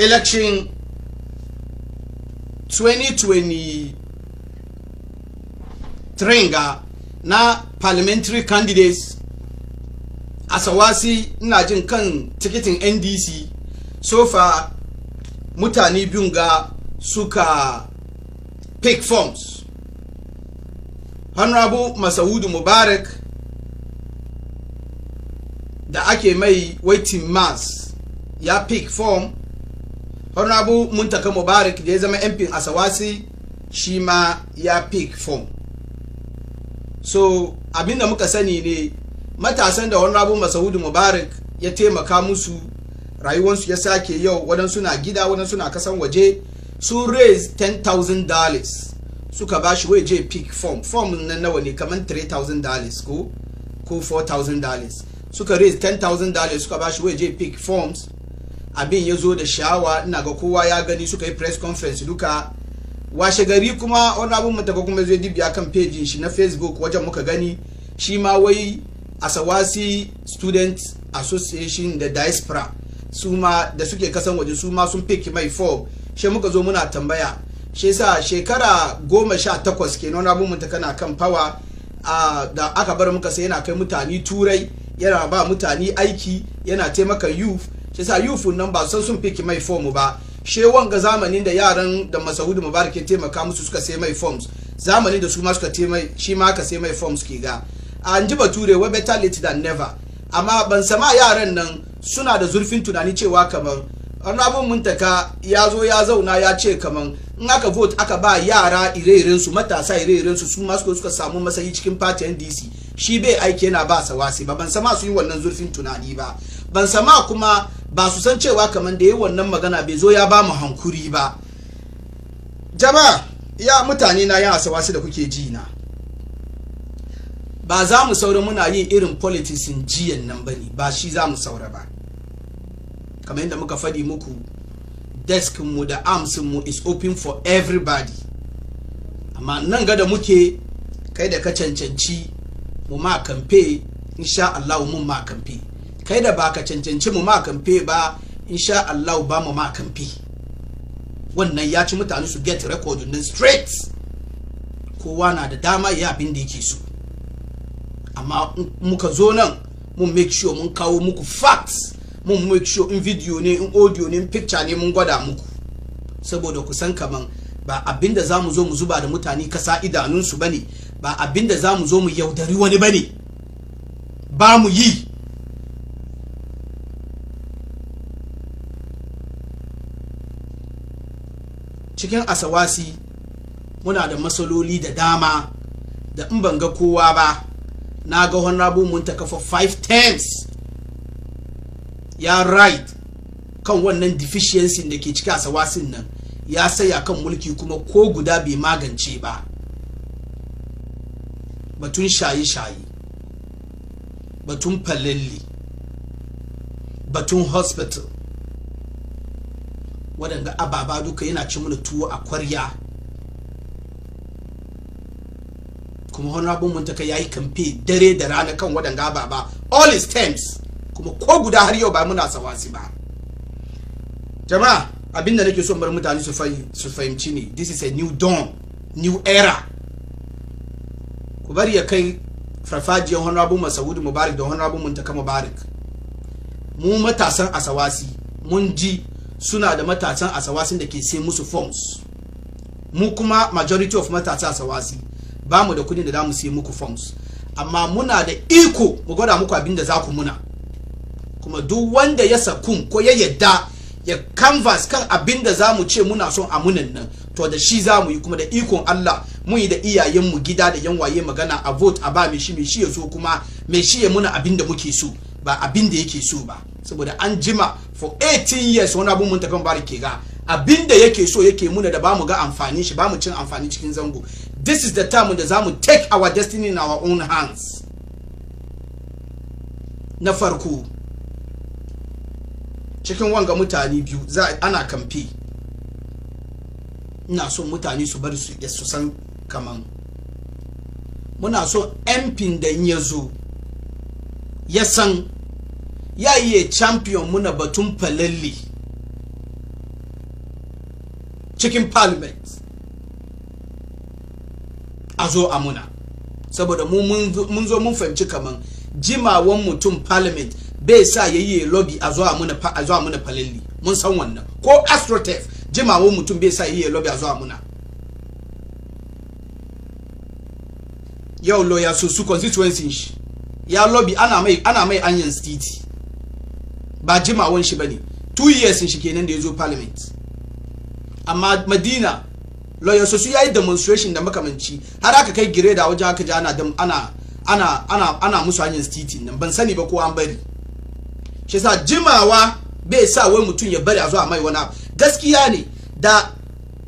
election 2023 ga na parliamentary candidates asawasi ina jin kan tikitin ndc sofa mutane biyun ga suka pick forms honorable masaudu mubarak da ake mai waiting mass ya pick form horon abu muntaka mubarak da ya zama mp asawasi shi ma ya pick form so abinda muka sani ne matasan da wani abu masahudu mubarak ya taimaka musu rayuwansu ya sake yau waɗansu na gida waɗansu na kasan waje sun raise dollars suka ba shi waje pick form form na nawa ne kamar dollars ko ko $4,000 suka raise dollars suka ba shi waje pick forms abin ya zo da sha'awa ina ga kowa ya gani suka yi press conference duka washe gari kuma wani abin mutaka kuma zai dibiya kan pejin shi na facebook wajen muka gani shi ma wai asawasi student association da diaspora su da suke kasan waje su ma sun pick mai form she muka zo muna tambaya shi sa shekara goma sha takwas ke nuna abin mutaka na kan fawa da aka bar muka sai yana kai mutane turai yana ba mutane aiki yana taimaka youth shi sa yufun nan ba san sun fiki mai form ba she wanga zamanin da yaran da Masaud Mubarak ya taimaka musu suka sai mai forms zamanin da su ma suka taimai shi ma ka sai mai forms ke ga an ji bature wa better late than never amma ban sama yaran nan suna da zurfin tunani cewa kamar arnabun muntaka ya zo ya zauna ya ce kamar in aka vote aka ba yara ire su matasa ire su su masu suka samu masayi cikin party ndc shi bai aiki yana ba sawasi ba ban sama su yi wannan zurfin tunani ba ban sama kuma ba su san cewa kamar da yi wannan magana bai zo ya ba mu hankuri ba jama'a ya mutane na asawa su da kuke ji na ba za mu saura muna yin irin politisin jiyan nan bane ba shi za mu saura ba kamar yadda muka faɗi muku deskinmu da amsinmu is open for everybody amma nan ga muke kai da ka cancanci mu ma kamfe insha Allah mun ma kamfe kai da ba ka cancanci mu makamfe ba in sha Allah ba mu makamfe wannan ya ci mutane su get record din straight kowa na da dama ya abin da yake so amma muka zo nan mun make sure mun kawo muku facts mun make sure in video ne in audio ne in picture ne mun gwada muku saboda ku san kaman ba abin da zamu zo mu zuba da mutane kasa idanunsu bane ba abin da zamu zo mu yaudari wani bane ba mu yi cikin asawasi muna da matsaloli da dama da in ban ga kowa ba na ga honorable mun ta kafa 5 times ya right kan wannan deficiency da ke cikin asawasin nan ya saya kan mulki kuma ko guda bai magance ba batun shaye-shaye batun falalli batun hospital waɗanda ababa duka yana ci mana tuwo a kwarya kuma honorable muntaka ya yi kamfe dare da rana kan waɗanda ababa all his terms kuma ko guda har yau ba muna sawasi ba jama'a abin da nake so bar mutane su fahimci ne this is a new dawn new era ku bari ya kai farfajiyar honorable masaudu mubarak da honorable muntaka mubarak mu matasan asawasi mun ji suna da matasan asawasin da ke sai musu forms mu kuma majority of matasan asawasi ba mu da kudin da za mu sai muku forms amma muna da iko mu gwada muku abin da za ku muna kuma duk wanda ya sakun ko ya yadda ya canvas kan abin da za mu ce muna son amunan nan to da shi za mu yi kuma da ikon Allah mu yi da iyayenmu gida da yan waye magana a vote a ba mai shi mai shi ya so kuma mai shi ya muna abin da muke so ba abin da yake so ba saboda an jima for 18 years wani abun mun tafi bari ke ga abin da yake so yake muna da bamu ga amfani shi bamu cin amfani cikin zango this is the time da zamu take our destiny in our own hands na farko cikin wanga mutane biyu za ana kamfe ina so mutane su bari su su san kaman muna so mpin da ya zo ya san ya iya champion muna batun falalli cikin parliament a zo a muna saboda mun zo mun fahimci kaman jimawan mutum parliament bai sa ya yi lobby a zo a muna falalli mun san wannan ko astrotef jimawan mutum bai sa ya yi lobby a zo a muna yau lawyer su su constituency shi ya lobby ana mai ana mai anyan city ba jimawan shi bane two years shi kenan da ya zo parliament amma madina lawyers su yayi demonstration da makamanci har aka kai gireda wajen aka ji ana ana ana ana ana musu hanyar titi nan ban sani ba ko an bari shi sa jimawa bai sa wai mutum ya bari a zuwa mai wani abu gaskiya ne da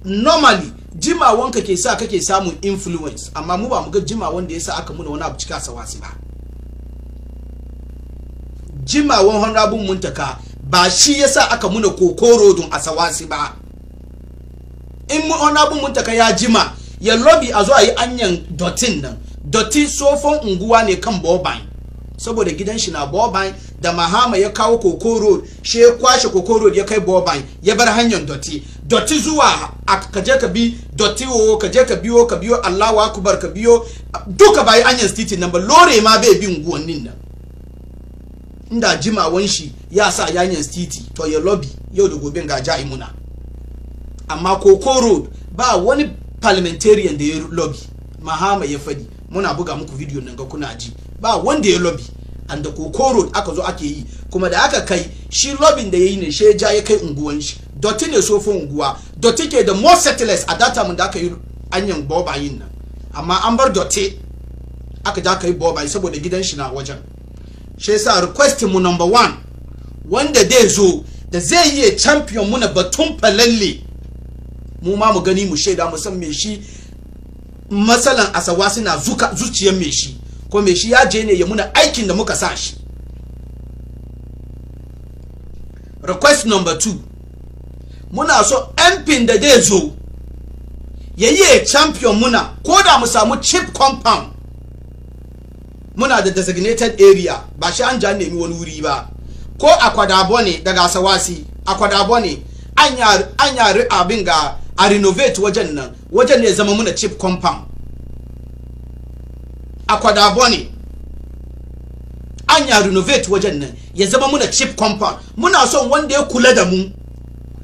normally jimawanka ke sa kake samun influence amma mu ba mu ga jimawan da yasa aka muna wani abu cika sawasi ba jimawan honorable muntaka ba shi yasa aka muna kokoro don asawasi ba in mu honorable muntaka ya jima ya lobby a zo a yi anyan dotin nan dotti sofon unguwa ne kan boban saboda gidan shi na boban da mahama ya kawo kokoro shi ya kwashe kokoro ya kai boban ya bar hanyar doti dotti zuwa ka je ka bi doti wo ka je ka biyo ka biyo Allahu akbar ka biyo duka bai anyan titi nan ba lore ma bai bi unguwannin nan nda jimawan wanshi ya sa yanyan titi to ya lobby yau da gobe ga ja imuna amma koko road ba wani parliamentarian da ya lobby mahama ya fadi muna buga muku video nan ga kuna ji ba wanda ya lobby and koko road aka zo ake yi kuma da aka kai shi lobbying da yayi ne she ja ya kai unguwan shi dotti ne sofin unguwa dotti ke da more settlers a data mun da aka yi anyan bobayin nan amma an bar dotti aka ja kai bobayi saboda gidan shi na wajen shi yasa request mu number one wanda dai zo da zai yi champion mu na batun falalle mu ma mu gani mu shaida mu san me shi matsalan asawa suna zuciyar me shi ko me shi ya je ne ya muna aikin da muka sa shi request number two muna so mp da dai zo ya yi champion muna ko da mu samu chief compound muna da designated area ba shi an ja nemi wani wuri ba ko a kwadabo ne daga sawasi a kwadabo ne an yari abin ga a renovate wajen nan wajen ne zama muna chip compound a kwadabo ne an ya renovate wajen nan ya zama muna chip compound muna son wanda ya kula da mu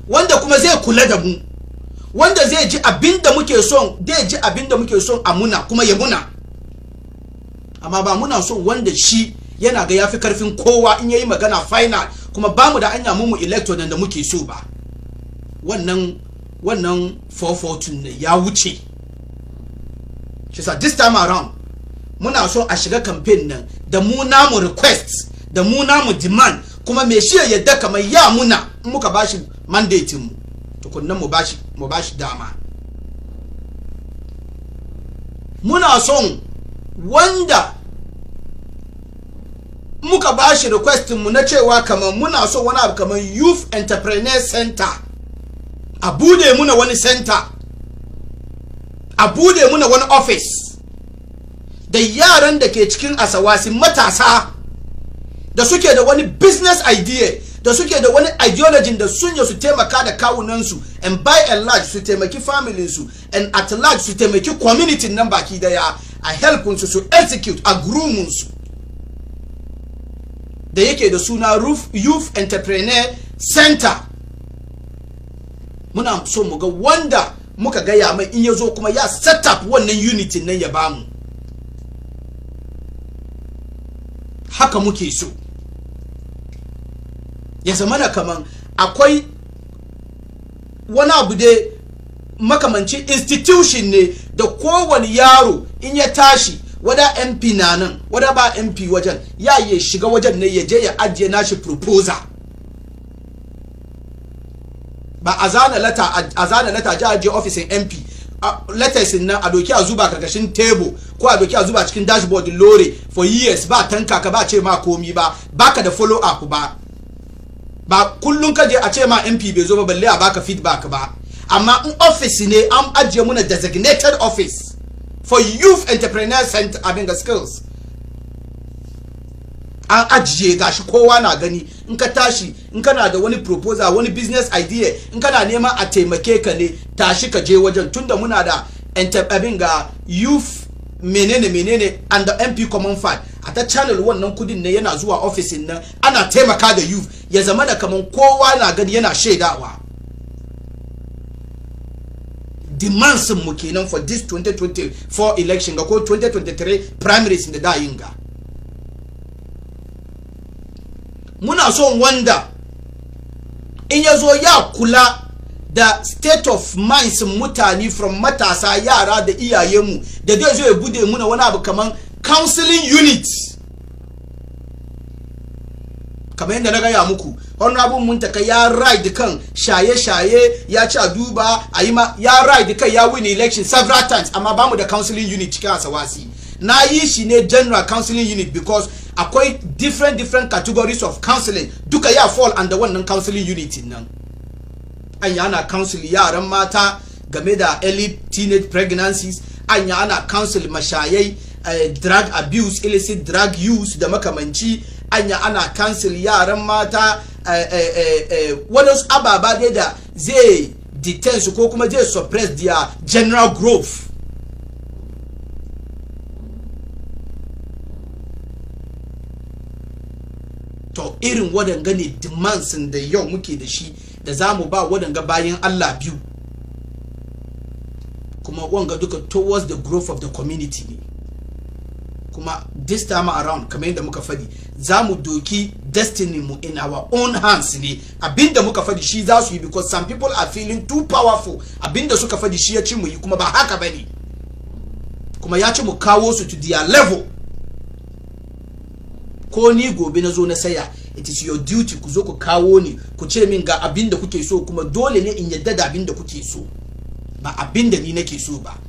wanda kuma zai kula da mu wanda zai ji abin da muke son zai ji abin da muke son a muna kuma ya muna amma ba muna so wanda shi yana ga yafi karfin kowa in yayi magana final kuma ba mu da anya mu mu electo da muke so ba wannan wannan 442 ne ya wuce shi sa this time around muna so a shiga campaign nan da mu namu request da mu namu demand kuma me shi yadda kamar ya muna in muka bashi mandate mu tukunnan mu bashi mu bashi dama muna son wanda muka ba shi requestin mu na cewa kamar muna so wani abu kamar youth entrepreneur center a bude muna wani center a bude muna wani office da yaran da ke cikin asawasi matasa da suke da wani business idea da suke da wani ideology da sun su taimaka da kawunansu and by and large su taimaki familinsu and at large su taimaki community nan baki daya a helpinsu su execute a su da yake da suna roof youth entrepreneur center muna so mu ga wanda muka gaya mai in ya zo kuma ya set up wannan unity nan ya bamu haka muke so ya zamana kaman akwai wani abu da makamanci institution ne da kowane yaro in ya tashi wada mp na nan wada ba mp wajen ya ya shiga wajen ne ya je ya ajiye nashi proposal ba a zana lata a zana lata ji ajiye ofisin mp nan a doki a zuba karkashin table ko a doki a zuba cikin dashboard lore for years ba tanka ka ba ce ma komi ba baka da follow up ba ba kullun je a ce ma mp bai zo ba balle a baka feedback ba amma in office ne an ajiye muna designated office for youth entrepreneur center abin skills an ajiye shi kowa na gani in ka tashi in kana da wani proposal wani business idea in kana neman a taimake ka ne tashi ka je wajen tunda muna da abin ga youth menene menene and the mp common fund a ta channel wannan kudin ne yana zuwa ofisin nan ana taimaka da youth ya zama da kaman kowa na gani yana shaidawa demands mu kenan for this 2024 election ga ko 2023 primaries da da yin ga muna so wanda in ya zo ya kula da state of minds mutane from matasa yara da iyayenmu da dai zo ya bude muna wani abu kaman counseling unit kamar yadda na gaya muku honorable muntaka ya ride kan shaye-shaye ya ci a duba a yi ma ya ride kan ya win election several times amma bamu da counseling unit cikin asawasi na yi shi ne general counseling unit because akwai different different categories of counseling duka ya fall under wannan counseling unit nan anya ana counsel yaran mata game da early teenage pregnancies anya ana counsel mashayai eh, drug abuse illicit drug use da makamanci anya ana kansil yaran mata eh, eh, eh, waɗansu ababa dai da zai detain su ko kuma zai suppress their general growth to irin waɗanga ne demands da yau muke da shi da za mu ba waɗanga bayan Allah biyu kuma wanga duka towards the growth of the community kuma this time around kamar yadda muka fadi za mu doki destiny mu in our own hands ne abinda muka fadi shi za su yi because some people are feeling too powerful abinda suka fadi shi ya ci mu yi kuma ba haka ba ne kuma ya ci mu kawo su to their level ko ni gobe na zo na saya it is your duty ku zo ku kawo ni ku ce min ga abinda kuke so kuma dole ne in yadda da abinda kuke so ba abinda ni nake so ba